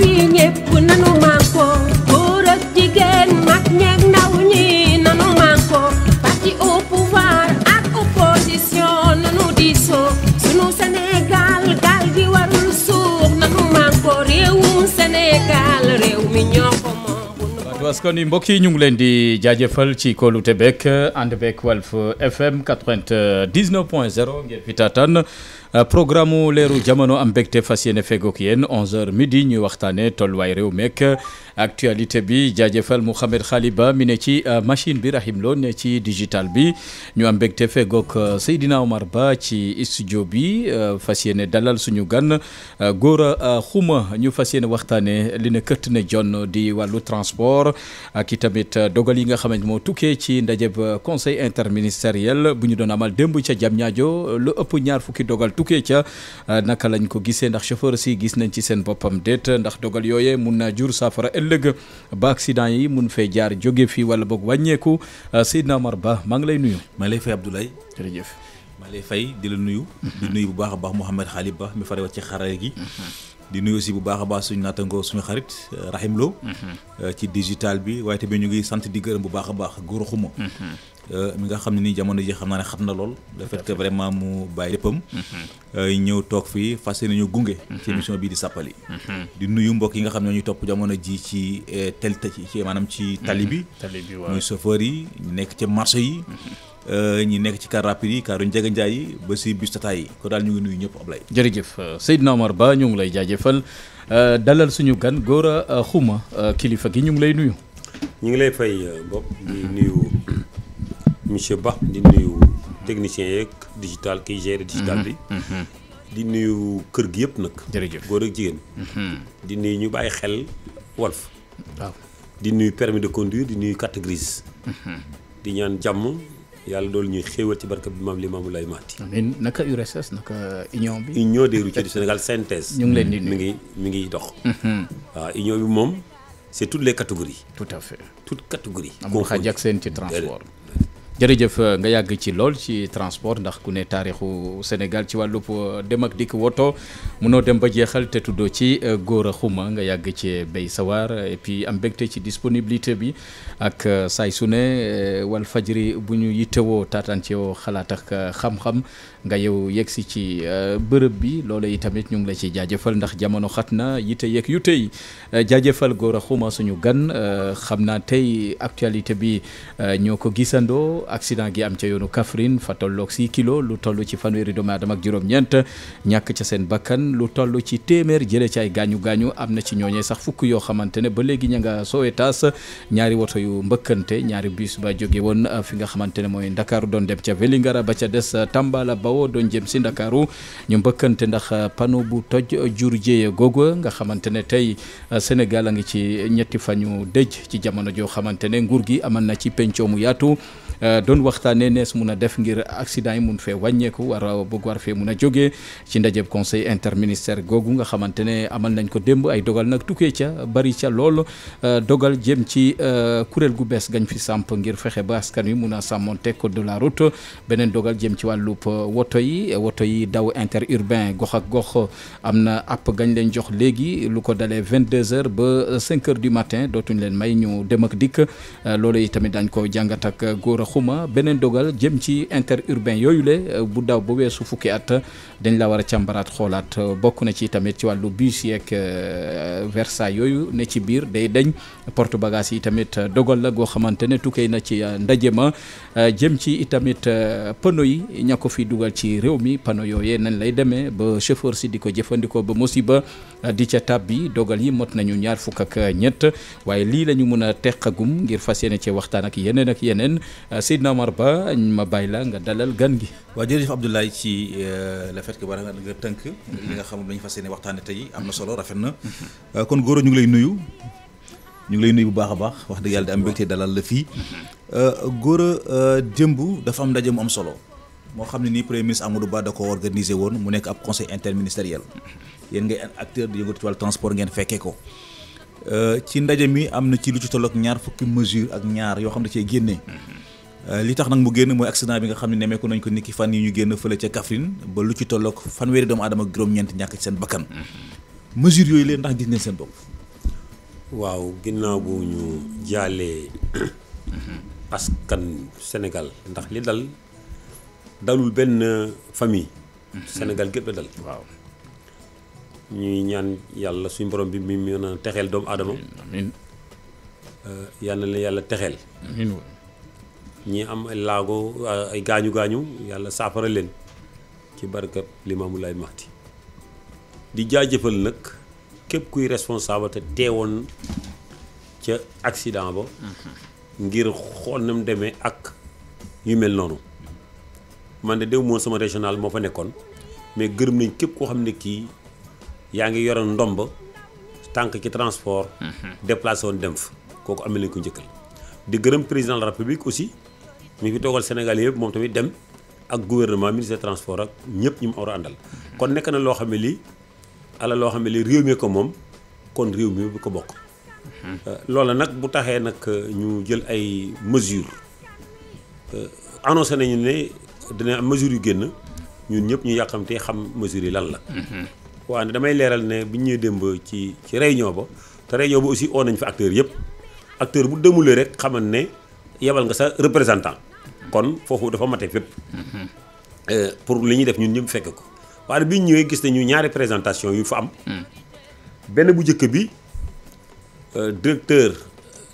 fii ñépp nanu manko góor jigéen mag ñeeg ndaw ñi nanu manko parti opposition nanu diisoo sunu Sénégal gaal gi warul suux nanu manko réewum Sénégal réew mi ñoo ko askan wi mbokk yi ñu ngi leen di jaajëfal ci kolu beeg ànd beeg Walf FM point 0 ngeen Euh, programme mu leeru jamono am mbégte fas yéene fegook yéen 11h midi ñuy waxtaanee tolluwaay réew meek actualité bi jaajëfal Mouhamed ba mi ne ci euh, machine bi Rahim Lo ne ci digital bi ñu am mbégte fegook euh, Seydina Omar Ba ci studio bi fas yéene dalal suñu gan Gora Xuma ñu fas yéene waxtaanee li ne këtt ne jonn di wàllu transport ak i tamit dogal yi nga xamante moo tukkee ci ndajeb conseil interministériel bu ñu doon amal démb ca jam lu ëpp ñaar dogal. tukkee ca euh, naka lañ ko gisee ndax chauffeur si gis nañ ci seen boppam déet ndax dogal yooyee mun naa jur saafara ëllëg ba accident yi mun fee jaar jóge fii wala boog wàññeeku euh, Seydina Omar Ba maa ngi lay nuyu. maa lay fay Abdoulaye. jërëjëf. maa lay fay di la nuyu. Mhm. di nuyu bu baax a baax Mouhamed Khalib Ba mi farewat ci xarale gi. Mhm. di nuyu si bu baax a baax suñu naattango suñu xarit Rahim Lo. Mhm. Euh, ci digital bi waaye tamit ñu ngi sant di gërëm bu baax a baax Euh, mi nga xam ne nii jamono ji xam naa ne xat na lool le fait que vraiment mu bàyyi léppam euh, ñëw toog fii fas yéene ñu gunge ci émission bii di sàppali di nuyu mbokk yi nga xam ne ñu topp jamono ji ci euh, tel ci maanaam ci tali bi mm-hmm. muy chauffeur yi ñu nekk ci marché yi mm-hmm. ñi nekk ci car rapide yi kaaru njëga njaay yi ba si bus tata yi ko daal ñu ngi nuyu ñëpp Ablaye jërëjëf Seydina Omar Ba ñu ngi lay jaajëfal dalal suñu gan Gora Khouma kilifa gi ñu ngi lay nuyu ñu ngi lay fay bopp di monsieur Ba di nuyu technicien yeeg digital kiy gérer digital mhm, bi. Mhm. di nuyu kër gi yëpp nag. jërëjëf góor ak jigéen. Mhm. ñu bàyyi xel Walf. di nuyu permis de conduire di nuyu carte di ñaan jàmm yàlla doolu ñuy xéewal ci barka bi maam li maamu lay maati. amiin naka URSS naka union bi. union des routiers du Sénégal synthèse. ñu ngi leen di mi ngi mi ngi dox. waaw union bi moom c' est toutes les catégories. tout à fait toutes seen ci transport. jërëjëf euh, nga yàgg ci lool ci transport ndax ku ne taarixu Sénégal ci wàllu wàllub euh, dem ak dikk woto mënoo dem ba jeexal te tuddoo ci euh, Gora Khouma nga yàgg ci béy sawar et puis am mbégte ci disponibilité bi ak saay su ne wal fajri bu ñu yittewoo taataan ci yow xalaat ak xam-xam nga yow yegg si ci bërëb bi loola yi tamit ñu ngi la ci jaajëfal ndax jamono xat na yitte yeeg yu tey jaajëfal Gora Khouma suñu gan xam naa tey actualité bi ñoo ko gisandoo. accident gi am ca yoonu Kaffrine fa tolloog 6 kilos lu tollu ci fanweeri doomu aadama ak juróom-ñeent ñàkk ca seen bakkan lu toll ci téeméer jëlee ci ay gaañu gaañu am na ci ñooñee sax fukk yoo xamante ne ba léegi ña nga soowee taas ñaari woto yu mbëkkante ñaari bus ba joge woon uh, fi nga xamante ne mooy Ndakaaru doon dem ca Vélingara ba ca des uh, Tamba bawo bawoo doon jëm si Ndakaaru ñu mbëkkante ndax uh, panneau bu toj jur jéeye googu nga xamante ne tey Sénégal a ngi ci ñetti fañu dëj ci jamono joo xamante ne nguur gi amal na ci pencoo mu yaatu doon waxtaanee nees mun a def ngir accident yi mun fee wàññeeku war a bëgg war fee mun a jógee ci ndajeb conseil interministère googu nga xamante ne amal nañ ko démb ay dogal nag tukkee ca bari ca lool euh, dogal jëm ci euh, kuréel gu bees gañ fi samp ngir fexe ba askan wi mun a sàmmonte code de la route beneen dogal jëm ci wàllub euh, woto yi woto yi daw interurbain gox ak gox am na app gañ leen jox léegi lu ko dalee vingt deux heures ba cinq heures du matin dootuñ leen may waxuma beneen dogal jëm ci interurbain yooyu le euh, bu daw ba weesu fukki at dañ la war a càmbaraat xoolaat euh, bokk na ci tamit ci wàllu bus yeeg euh, versa yooyu ne ci biir day dañ porte bagage yi tamit dogal la goo xamante ne tukkee na ci ndaje ma jëm ci itamit pano yi ña ko fi dugal ci réew mi pano yooyee nañ lay demee ba chauffeur si di ko jëfandikoo ba musiba di ca tab bi dogal yi mot nañu ñaar fukk ak ñett waaye lii lañu mun mën a teqagum ngir fas yéene ci waxtaan ak yeneen ak yeneen Seydina Omar Ba ma bàyyi la nga dalal gan gi. waaw jërëjëf Abdoulaye ci euh, le fait que war nga tënk. li nga xam ne fa fas yéene waxtaanee tey am na solo rafet na. Euh, kon Gora ñu ngi lay nuyu. ñu ngi lay nuyu bu baax a baax wax dëgg yàlla di am mbégte dalal la fii. Euh, Gora démb dafa am ndaje mu am solo. moo xam ne nii premier ministre Amadou Ba da ko organisé woon mu nekk ab conseil interministériel yéen ngay acteur di yëngatu ci wàllu transport ngeen fekkee ko ci ndaje mi am na ci lu ñaar fukki mesure ak ñaar yoo xam ne da cee génnee Euh, li tax nag mu génn mooy accident bi nga xam ne nemeeku nañ ko ki fan yi ñu génn fële ca Kaffrine ba lu ci tolloog fanweeri doomu aadama ak juróom-ñeent ñàkk ci seen bakkan mm-hmm. mesure yooyu leen ndax gis ngeen seen bopp waaw ginnaaw bu ñu jaalee mm-hmm. askan Sénégal ndax li dal dalul benn famille mm-hmm. Sénégal gépp la dal waaw ñuy ñaan yàlla suñ borom bi mi mën a texeel doomu adama yàlla euh, yal yàlla texeel ñi am ay laago ay gaañu gaañu yàlla saafara leen ci barkab Limaamulaay maxti di jaajëfal nag képp kuy responsable te teewoon ca accident ba mm-hmm. ngir xool na demee ak yu mel noonu man de déw moo sama régional moo fa nekkoon mais gërëm nañ képp koo xam ne kii yaa ngi yoroon ndomb tànk ci transport mm-hmm. déplacé woon dem fa kooku amee lañ ko njëkkal di gërëm président de la république aussi mi fi toogal Sénégal yëpp moom tamit dem ak gouvernement ministre transport ak ñëpp ñu mu war a àndal. kon nekk na loo xam ne lii ala loo xam ne lii réew mi ko moom kon réew mi bu ko bokk. Euh, loola nag bu taxee nag euh, ñu jël ay mesures euh, annoncé nañu ne dina am mesures yu génn ñun ñëpp ñu yàqamte xam mesures yi lan la. waaw damay leeral ne bi ñuy démb ci ci réunion ba te réunion ba aussi oo nañ fa acteurs yëpp acteur bu demulee rek xamal ne yebal nga sa représentant. kon foofu dafa mate fépp. Euh, pour li ñuy def ñun ñëpp fekk ko waaye bi ñu ñëwee gis nañu ñaari présentation yu fa am. Hmm. benn bu njëkk bi euh, directeur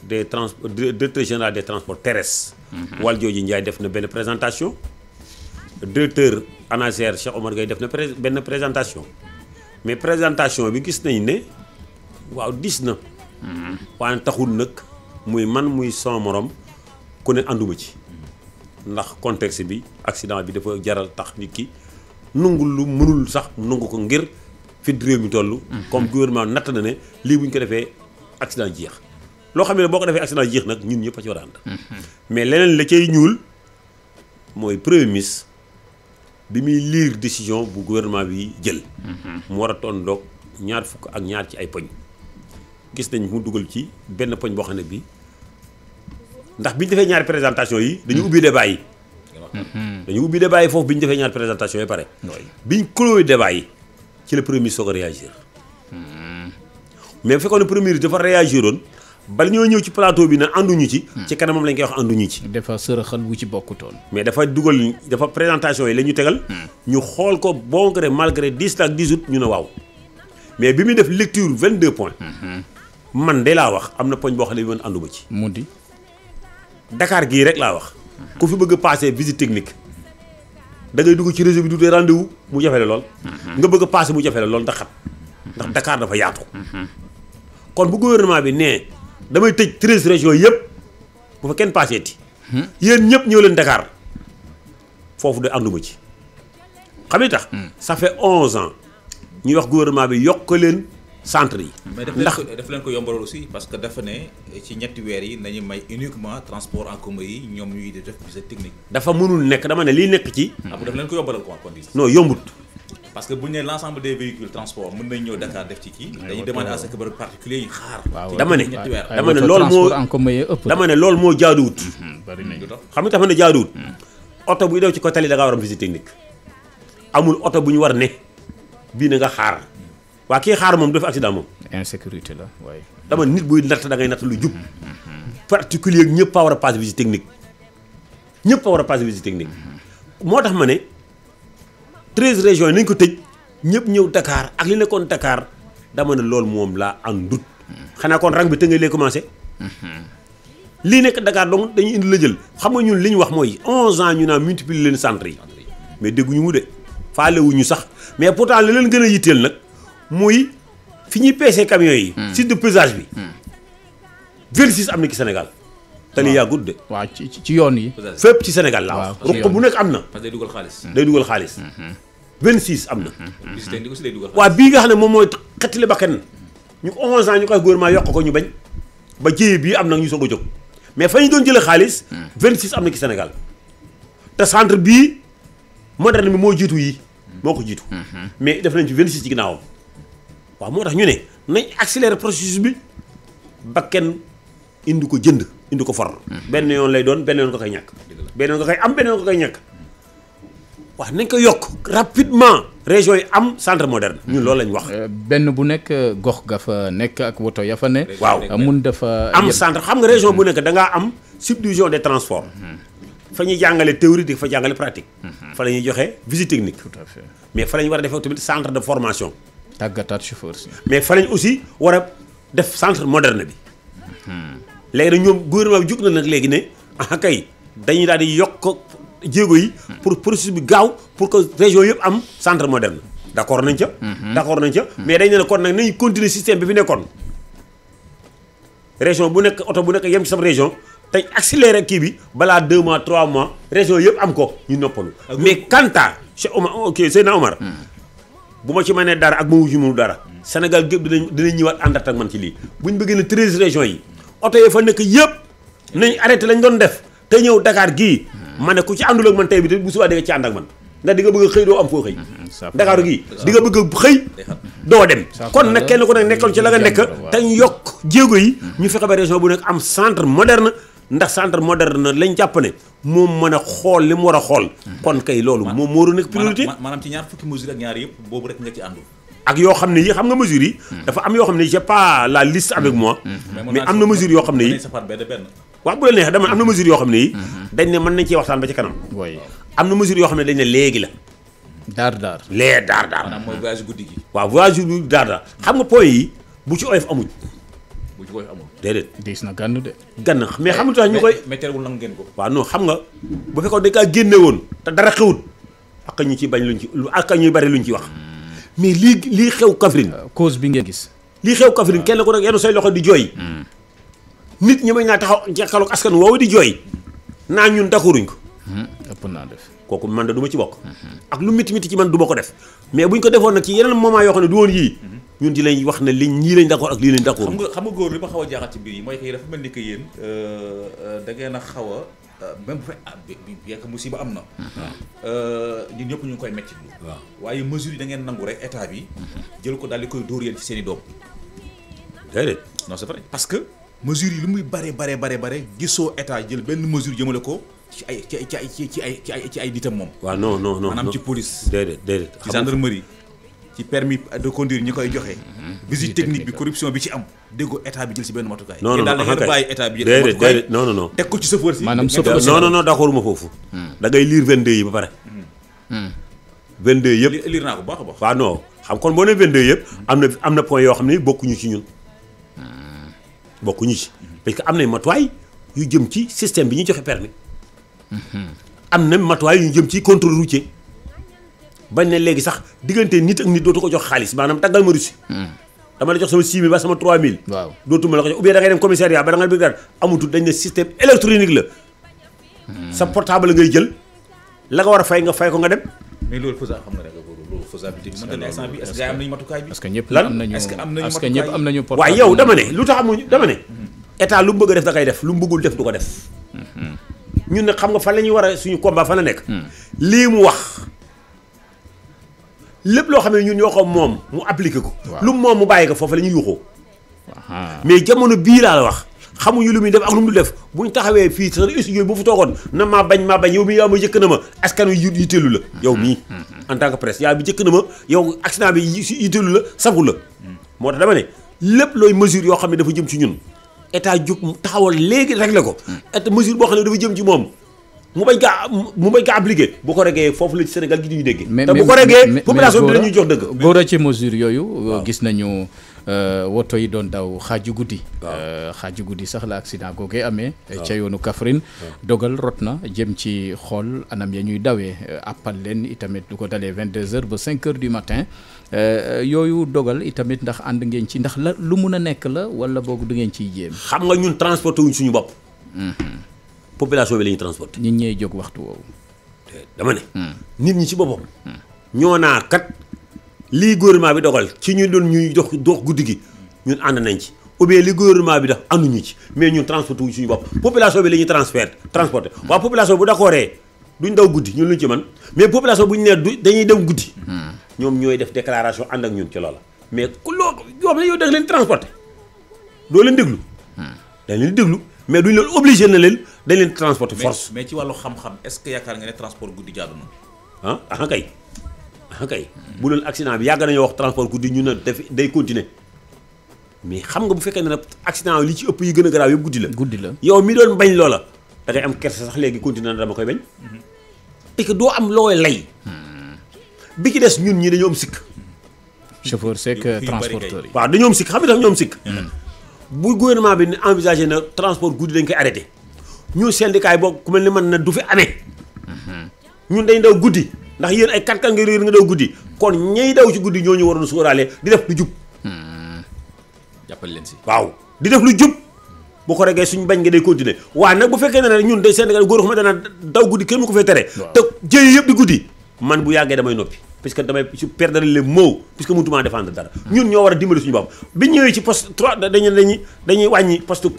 des trans directeur général des transports hmm. wal Waljooji Ndiaye def na benn présentation. directeur ANASER Cheikh Omar ngay def na benn présentation mais présentation bi gis nañ ne waaw dis na. Hmm. waaye taxul nag muy man muy sama morom ku ne ànduma ci. ndax contexte bi accident bi dafa jaral tax nit ki nangu lu mënul sax nangu ko ngir fi réew mi toll. Mhm. comme gouvernement natt na ne lii bu ñu ko defee accident jeex. loo xam ne boo ko defee accident jeex nag ñun ñëpp a ci war a ànd. Mhm. mais leneen la cay ñuul mooy premier bi muy liir décision bu gouvernement bi jël. Mhm. mu war a ton tondoog ñaar fukk ak ñaar ci ay poñ. gis nañ mu dugal ci benn poñ boo xam ne bii. ndax bi ñu defee ñaari présentation yi dañu ubbi débat yi dañu ubbi débat yi foofu bi ñu defee ñaari présentation yi pare bi ñu clôturé débat yi ci la premier ministre soog a réagir mais bu fekkoon ne premier ministre dafa réagiroon bala ñoo ñëw ci plateau bi na ànduñu ci ci kanamam lañ koy wax ànduñu ci dafa sërëxal bu ci bokkutoon mais dafa dugal dafa présentation yi la ñu tegal ñu xool ko bon gré malgré dix ak dix août ñu ne waaw mais bi muy def lecture vingt deux points man de laa wax am na poñ boo xam ne bi man ànduma ci mu di Dakar gii rek laa wax ku fi bëgg a passé visite technique da ngay dugg ci réseau bi du rendez-vous mu jafe la lool. Mhm. nga bëgg a passé mu jafe la lool ndax xat ndax Dakar dafa yaatu. Mhm. kon bu gouvernement bi nee damay tëj treize régions yëpp bu fa kenn passé ti hmm? yéen ñëpp ñëw leen Dakar foofu de ànduma ci. xam nga tax. Hmm. ça fait onze ans ñuy wax gouvernement bi yokk leen. centre yi. ndax mais daf leen ko yombal aussi parce que dafa ne ci ñetti weer yi nañu may uniquement transport en commun yi ñoom ñuy def visite technique. dafa mënul nekk dama ne liy nekk ci. ah daf leen ko yombalal quoi kon non yombut. parce que bu ñu nee l' ensemble des véhicules transport mën nañ ñëw Dakar def ci kii. dañuy demander à ne loolu moo dama ne loolu moo jaaduwut. Mm-hmm, bari xam nga dafa ne oto buy daw ci côté tali da ngaa war amul oto bu ñu war ne bii na nga xaar waa kii xaar moom dafa accident moom. insécurité la waaye. dama nit buy natt da ngay natt lu jub. particulier ak ñëpp a war a passé visite technique ñëpp a war a passé visite technique. moo tax ma ne treize régions yi nañ ko tëj ñëpp ñëw Dakar ak li nekkoon dakaar dama ne loolu moom laa àndut. xanaa kon rang bi tënkee lay commencé. lii nekk Dakar donc dañuy indi la jël xam nga ñun li ñu wax mooy 11 ans ñu naan multiplier leen centre yi mais dégguñu mu de faale wuñu sax mais pourtant li leen gën a nag muy fi ñuy peesee camions yi. Hmm. site de pesage bi. 26 hmm. am na ci Sénégal. tali yaa gudd de. waa ci ci yoon yi. fépp ci Sénégal laa wax. ruq bu nekk am na. parce que day dugal xaalis. Hmm. day dugal am na. waaw bii nga xam ne moom mooy xettali bakkan ñu 11 ans yokk ko ñu bañ ba jiyee bii am na ñu soog a jóg mais fa doon jëlee xaalis. 26 am na ci Sénégal te centre bii moderne bi moo jiitu yi. moo ko jiitu. mais def nañ ci 26 ci ginnaawam. waaw moo tax ñu ne nañ accélérer processus bi ba kenn indi ko jënd indi ko for. Hmm. benn yoon lay doon benn yoon nga koy ñàkk. benn yoon nga koy am benn yoon nga koy ñàkk. waaw nañ ko yokk rapidement. région yi am centre moderne. ñu loolu lañ wax. Euh, benn bu nekk euh, gox ga fa nekk ak woto ya fa ne. waaw euh, mun dafa. am centre xam nga région bu hmm. nekk da ngaa am subdivision de transports. Hmm. fa ñuy jàngale théorie di fa jàngale pratique. fa la ñuy joxe visit technique. mais fa la ñu war a defee de formation. tàggataat chauffeur si. mais fa lañ aussi war a def centre moderne bi. léegi nag ñoom gouvernement bi jug na nag léegi ne ah kay dañuy daal di yokk jéego yi. pour processus bi gaaw pour que région yëpp am centre moderne. d' accord nañ ca. Mhm. d' accord nañ ca mhm. mais dañ ne kon nag nañu continuer système bi fi nekkoon. région bu nekk oto bu nekk yem ci sa région te accéléré kii bi balaa 2 mois 3 mois région yëpp am ko ñu noppalu. mais Kanta Cheikh Omar ok Seydina Omar. Mhm. bu ma ci mënee dara ak bu ma ci mënu dara Sénégal gépp dinañ dinañ ñëwaat àndat ak man ci lii bu ñu bëggee ne treize régions yi oto yi fa nekk yëpp nañ arrêté lañ doon def te ñëw dakaar gii ma ne ku ci àndul ak man tey bi te bu subaa di nga ci ànd ak man ndax dinga nga bëgg a xëy doo am foo xëy mm-hmm. Dakar gii di bëgg a xëy doo dem kon nag kenn ku nekk nekkoon ci la nga nekk te ñu yokk jéego yi ñu fexe ba région bu nekk am centre moderne ndax centre moderne lañ jàpp ne moom mën a xool li mu war a xool. kon kay loolu moom moo doon nekk priorité. ci ñaar fukki ak ñaar yëpp boobu rek nga ci àndu. ak yoo xam ne yi xam nga mesure yi. Hmm. dafa am yoo xam ne la liste avec hmm. moi. Hmm. mais am na yoo xam ne yi waaw bu la neexee am na mesure yoo ne dañ ne mën nañ cee waxtaan ba ci kanam. am na mesure yoo xam ne dañ ne léegi la. daar daar lee daar daar. mooy voyage guddi gi. waaw voyage guddi daar daar xam nga point yi bu ci oyof amuñ bu jugee amul. déedéet. diis na gànn de. gànn mais xam nga ñu koy. mais teewul nangu ngeen ko. waaw non xam nga bu fekkoon dañ kaa génne woon te dara xewut ak ñu ci bañ luñ ci lu ak ñuy bari lu ñu ci wax mais lii lii xew Kaffrine. Euh, cause bi ngeen gis. lii xew Kaffrine kenn ku nekk yenu say loxo di jooy. Hmm. nit ñi may naa taxaw jàkkaarloog askan woowu di jooy naa ñun dakuruñ ko. Hmm. mën naa kooku man de du ma ci bokk mhm. ak lu miti miti ci man du ma ko def mais buñ ko defoon nag ci yeneen moment yoo xam ne du woon yii mhm. ñun di lañ wax ne li ñii lañ d'accord ak lii lañ d'accord xam nga xam nga góor li ma xaw a jaaxal ci mbir yi mooy que euh, euh, a a euh, même bu fekkee ah, bien mhm. koy metti lu waaye mesure yi da ngeen nangu rek état bi jël ko dal di koy dóor yéen ci seen i doom déedéet non c'est que mesure yi lu muy bare bare bare bare gisoo état jël benn mesure jëmale ko ci ay ci ay ci ay ci ay ci ay nitam moom. waaw non non non maanaam ci police. déedéet déedéet ci gendarmerie. ci permis de conduire ñi koy joxe. Mm-hmm. visite technique bi corruption bi ci am. déggoo état bi jël si benn matukaay. non non non daal da bàyyi état bi jël matukaay déedéet non non non. teg ko ci sa force. maanaam soppi non non non d'accord ma foofu. Mm. da ngay lire 22 yi ba pare. 22 mm. yëpp lire naa ko baax a baax. waaw non xam kon boo nee 22 yëpp am na am na point yoo xam ne bokkuñu ci ñun. Mm. bokkuñu ci parce que am na matuwaay yu jëm ci système bi ñuy joxe permis am na matuwaay yu ñu jëm ci contrôle routier bañ ne léegi sax diggante nit ak nit dootu ko jox xaalis maanaam taggal ma russi dama la jox sama 6000 ba sama 3000. waaw dootuma la ko jox ou bien da ngay da nga bëgg amatul dañ ne système la. sa portable ngay jël la nga war a fay nga ko nga dem. mais loolu Fousa xam na ne instant bi est-ce que matukaay bi. est que ñëpp am nañu est-ce que am nañu matukaay bi est-ce que ñëpp am nañu portable waaw yow dama ne lu tax amuñu dama ne. Mm-hmm. état lu mu bëgg def da kay def lu mu bëggul def du ko def. Mm-hmm. ñun ne xam nga fan la ñuy war a suñu combat fan la nekk. Hmm. lii mu wax lépp loo xam ne ñun ñoo ko moom mu appliqué ko. lu mu moom mu bàyyi ko foofu la ñuy yuuxoo. mais jamono bii laa la wax xamuñu lu muy def ak lu mu def bu ñu taxawee fii sa studio bu fu toogoon na maa bañ maa bañ yow mii yaa ma jëkk na ma askan wi yitteelu la. Hmm. yow mii hmm. en tant que presse yaa bi jëkk na ma yow accident bi yitteelu la safu la. moo tax dama ne lépp looy mesure yoo xam ne dafa jëm ci ñun état jug taxawal léegi réglé ko. et mesure boo xam ne dafa jëm ci moom. mu bañ kaa mu bañ bu ko regee foofu la Sénégal gi ñu déggee te bu ko regee population bi la ñuy jox dëgg góor a ci mesure yooyu euh, gis nañu euh, woto yi doon daw xaaju guddi euh, xaaju guddi sax la accident googee amee ca yoonu Kaffrine dogal rot na jëm ci xool anam ya ñuy dawee appal leen itamit du ko dalee vingt deux heures ba cinq heures du matin yooyu dogal itamit ndax ànd ngeen ci ndax la lu mun a nekk la wala boog du ngeen ciy jéem xam nga ñun transporté wuñ suñu bopp mhm. population bi la ñuy transporté. nit ñooy jóg waxtu woowu. dama ne. Hmm. nit ñi ci boppam. Hmm. ñoo naa kat lii gouvernement bi doxal ci ñu doon ñuy dox dox guddi gi ñun ànd nañ ci ou li gouvernement bi def ànduñu ci mais ñun transporté wu suñu population bi la ñuy transfert transporté. Hmm. waaw population bu d'accordee duñ daw guddi ñun luñ ci mën mais population bu ñu nee du dañuy dem guddi. ñoom ñooy def déclaration ànd ak ñun ci loola. mais ku loo yow da leen transporté doo leen déglu. dañ leen déglu. mais duñ leen obligé na leen dañ leen transporter force. mais ci wàllu xam-xam est-ce que yaakaar nga ne transport guddi jaadu na. ah, ah kay ah kay bu doon accident bi yàgg nañoo wax transport guddi ñu ne daf day continuer mais xam nga bu fekkee ne nag accident li ci ëpp yi gën a garaaw yëpp guddi la. guddi la yow mi doon bañ loola da ngay am kersa sax léegi continuer na dama koy bañ. Mm-hmm. et que doo am looy lay. Hmm. bi ci des ñun ñi dañoo am sikk. chauffeur c'est que transporteur xam nga dafa ñoo am sikk. Mm-hmm. bu gouvernement bi envisagé na transport guddi dañ koy arrêté ñu syndicat boobu ku mel ni man na du fi amee mhm. ñun dañ daw guddi ndax yéen ay katkat nga réer nga daw guddi kon ñay daw ci guddi ñoo ñu waroon sóoraale di def lu jub. Mhm. jàppal leen si. waaw di def lu jub bu ko regee suñ bañ nga day continuer waaye nag bu fekkee ne ñun day syndicat góor xam ne dana daw guddi kenn mu ko fay tere. te jëye yëpp di guddi man bu yàggee damay noppi. puisque damay su perdre le mot puisque mënutuma défendre dara ñun ñoo war a dimbali suñu bopp bi ñëwee ci mhm. ko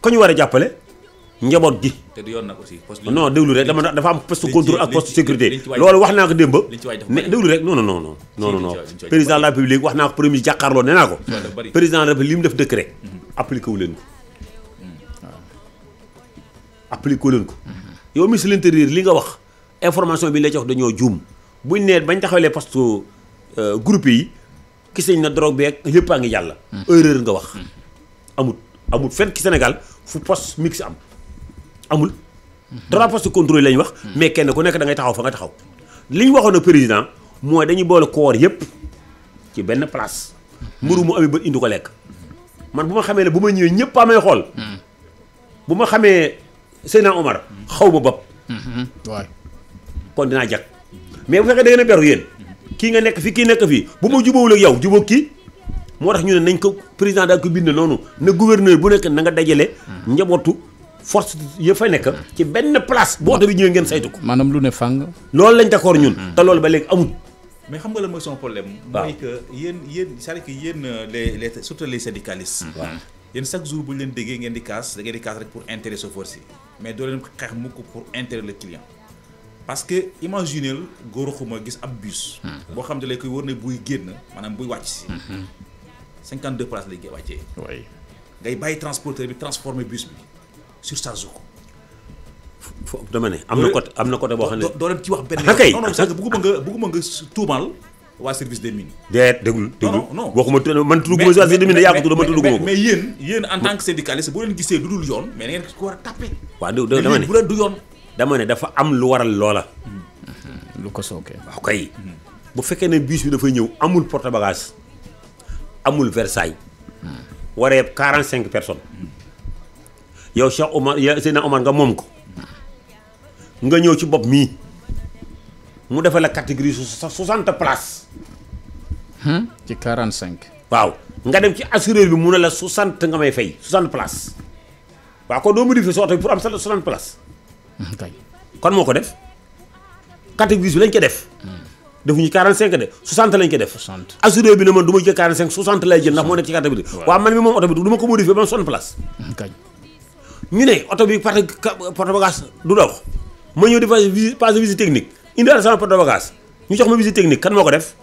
ko ñu war a jàppale njaboot gi te du yoon nag aussi poste non déglu rek dama dafa am poste contrôle ak poste sécurité loolu wax naa ko démb ne déglu rek non non non non la république wax naa ko premier jàkkaarloo nee ko président de la mu def décret mhm. appliqué wu ko mhm. appliqué ko yow ministre de l'intérieur li nga wax information bi la ci wax dañoo juum buñ nee bañ taxawalee poste euh, groupe yi gis na drogue beeg yëpp a ngi jàll. Mm-hmm. erreur nga wax. Mm-hmm. amul amul fenn ci Sénégal fu poste mix am amul. Mm-hmm. trois postes contrôlés lañ wax. mais kenn ku nekk dangay taxaw fa nga taxaw. li ñu waxoon ak président mooy dañuy boole koor yépp ci benn place. mburu mu amee ba indi ko lekk. man bu ma xamee ne bu ma ñëwee ñëpp amee xool. bu ma xamee. Seydina Omar xaw ma bopp. waay kon dinaa jag mais bu fekkee da ngeen a beru yéen kii nga nekk fii kii nekk fii bu ma jubóowul ak yow jubóog kii moo tax ñu ne nañ ko président daal ko bind noonu ne gouverneur bu nekk na nga dajale. njabootu force ya fa nekk. ci benn place boo oto bi ñëwee ngeen saytu ko. maanaam lu ne fàng. loolu lañ d'accord ñun. Hmm. te loolu ba léegi amul. mais xam nga la mooy son problème. waaw mooy que yéen yéen cest à yéen euh, les les surtout les syndicalistes. Hmm. waaw yéen chaque jour bu leen déggee ngeen di casse da ngeen di casse rek pour intérêt chauffeur si mais doo leen xeex mukk pour intérêt le client parce que imaginez góor xuma gis ab bus. Hmm. boo xam ne lay koy war ne buy génn maanaam buy wàcc si. 52 hmm. places lay wàccee. waay ngay bàyyi transporteur bi transformer bus bi surcharge ko. fo dama ne am na côté am na côté boo xam ne. doo leen ci wax benn. ok ah, non non sax bugguma nga bugguma nga tuumaal. waa service des mines. déet déglu déglu non non waxuma man tudd ma service des mines yaa ko tudd man tudd ma ko. mais yéen yéen en tant que ah. syndicaliste boo leen gisee du dul yoon mais da ngeen ko war a tàppe. waaw dama ne du yoon. dama ne dafa am lu waral loola. Mm-hmm. lu ko sookee. waaw kay mm-hmm. bu fekkee ne bus bi dafay ñëw amul porte bagage amul Versailles. waree cinq personnes. Mm-hmm. yow Cheikh Omar yow Seydina Omar nga moom ko. nga ñëw ci bopp mii. mu defal la catégorie soixante places. Hmm? ci quarante cinq. waaw nga dem ci assureur bi mu ne la soixante nga may fay soixante places waaw kon doo modifier sa oto sa soixante places. Hmm, kay kon moo ko def catégorie bi lañ ko def. Hmm. defuñu 45 de 60 ko def. 60 assureur bi ne man du ma jël 45 60 lay jël ndax moo nekk ci catégorie bi. waaw man mi moom oto bi du ma ko modifier ba mu sonn place. kañ ne oto bi parce que porte bagage du dox ma ñëw di passé visite technique indiwaale sama porte bagage ñu jox ma visite technique kan moo ko def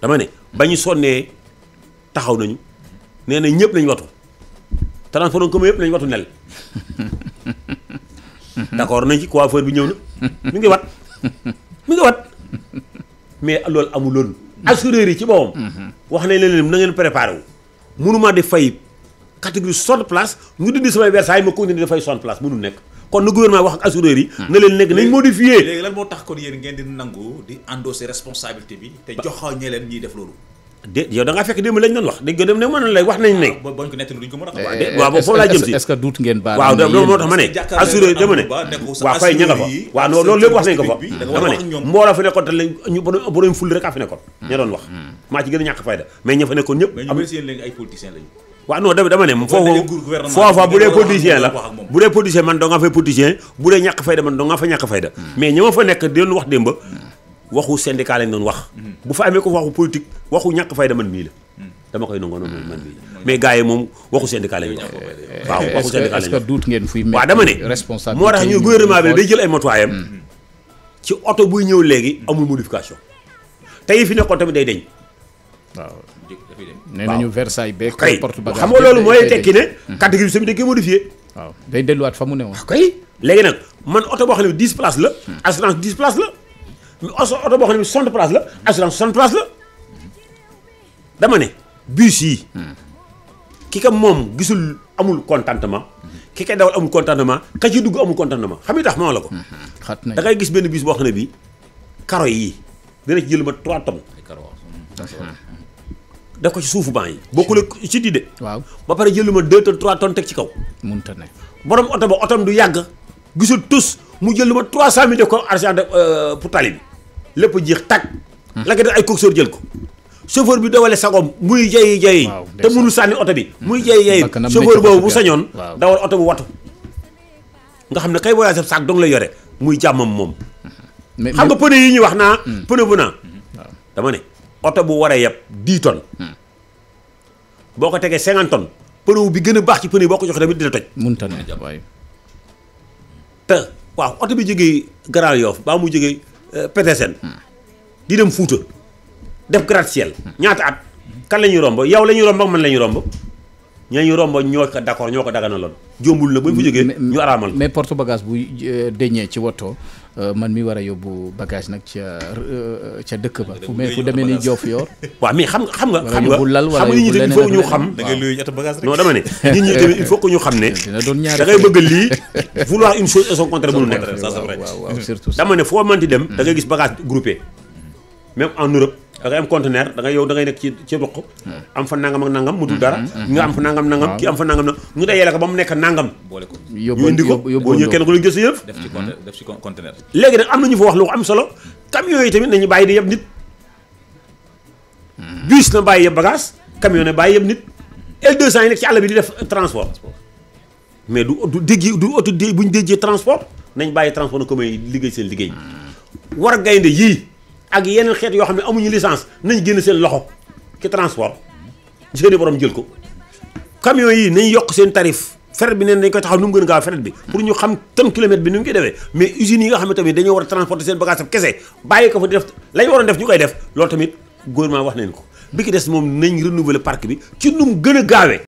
dama ne ba ñu sonnee taxaw nañu nee na ñëpp lañ watu transport en commun yëpp lañ watu nel d'accord nañ ci coiffeur bi ñëw na mi ngi wat mi ngi wat mais loolu amuloon mm-hmm. assureur yi ci boppam mm-hmm. wax nañ leen na ngeen préparé wu mënuma di fay catégorie soixante place ñu dindi samay versailles ma continuer di fay soixante place mënul nekk kon na gouvernement wax ak assureurs yi na leen nekk nañ modifié léegi lan moo tax kon di nangu responsabilité bi te joxoo ñe leen ñuy def loolu de yow da fekk démb lañ doon wax dañ ko ne mën lay dama ne waaw fay ña fa waaw loolu lépp wax nañ ko fa dama ne mbooloo fi nekkoon te lañ ñu borom ful rek a fi nekkoon mm. ña doon wax mm. maa ci gën a ñàkk fayda mais ña fa nekkoon ñëpp am waaw non dama ne foofu foofa bu dee politicien la bu dee politicien man doo nga fay politicien bu dee ñàkk fayda man doo nga fa ñàkk fayda hmm. mais ñi ma fa hmm. hmm. bu fa amee ko waxu politique waxu ñàkk fayda man mii la dama koy nangoo noonu man mii la mais gars yi moom waxu syndicat la ñuy wax waaw waxu syndicat la ñuy waaw dama ne moo tax ñu gouvernement bi day oto buy ñëw léegi amul modification tey fi nekkoon tamit day deñ waaw nee nañu Versailles beeg ah, porte bagage xam nga loolu mooy tekki ne hmm. catégorie bi tamit dañ koy modifié waaw day delluwaat fa mu ne woon ah, kay léegi nag man oto boo xam ne 10 places la hmm. assurance 10 places la oto boo xam ne 60 places la hmm. assurance 60 places la dama ne bus yi ki ka moom gisul amul contentement ki kay dawal amul contentement ka ci dugg amul contentement xam nga tax moo la ko da ngay gis benn bus boo xam ne bii karo yi dina ci jël ma 3 tonnes def ko ci suufu banc yi bokkul ak ci di de waaw ba pare jëlu ma deux tonnes trois tonnes teg ci kaw munta ne borom oto ba du yàgg gisul tus mu jëlu ma trois cent mille def ko argent euh, pour tali bi lépp jeex tag la nga def ay coxeur jël ko chauffeur bi dawale sagom muy jayi jayi te mënul sànni oto bi muy jayi jayi chauffeur boobu bu sañoon dawal oto bu watu nga xam ne kay voyage ab saak dong la yore muy jàmmam moom hmm. xam nga pneu yi ñuy wax naa hmm. pneu bu naa hmm. dama ne oto bu war a yeb 10 tonnes. Hmm. boo ko tegee 50 tonnes. pneu bi gën a baax ci pneu boo ko jox tamit dina toj. mënut a ne te bi jógee Grand Yoff baa mu jógee euh, Petersen. Hmm. di dem Fuuta def gratte hmm. ñaata at kan la ñuy romb yow la ñuy romb ak man la ñuy romb. ñoo ñu romb ñoo ko d'accord ñoo ko daganaloon. jombul na bu ñu fa ñu araamal mais porte bagage bu euh, deñee ci woto. Euh, man mi war a yóbbu bagage nag ca euh, ca dëkk ba. fu mais fu demee ni Joof yor. waaw mais xam nga xam nga xam nga xam nga nit ñu xam. da ngay luy bagage rek dama ne. nit ñi tamit il ñu xam ne. dina doon ñaari da bëgg lii vouloir une chose et son contraire mënul nekk. ça c'est vrai waaw waaw surtout. dama ne foo mënti dem. da ngay gis bagage groupé même en Europe. da ngay am conteneur da ngay yow da ngay nekk ci ci ruq hmm. am fa nangam ak nangam mu dul hmm, dara hmm, nga am fa nangam nangam kii am fa nangam nangam ñu dajale ko ba mu nekk nangam ñu indi ko boo ñëwee kenn ku la gëstu yëpp def ci conteneur léegi nag am na ñu fa wax lu am solo camion yi tamit nañu bàyyi di yeb nit juus na bàyyi yeb bagage camion ne bàyyi yeb nit L200 yi nekk ci àll bi di def transport mais du du dégg du oto bu ñu déggee transport nañ bàyyi transport na commun yi liggéey seen liggéey war gaynde yii ak yeneen xeet yoo xam ne amuñu licence nañ génn seen loxo ci transport seeni borom jël ko camion yi nañ yokk seen tarif fret bi neen dañ koy taxaw nu mu gën a gaaw fret bi pour ñu xam tam bi nu ñu koy defee mais usines yi nga xam ne tamit dañoo war a transporter seen bagage saf kese bàyyi ko fa def lañ waroon def ñu koy def loolu tamit gouvernement wax nañ ko bi ki des moom nañ renouveler parc bi ci nu mu gën a gaawe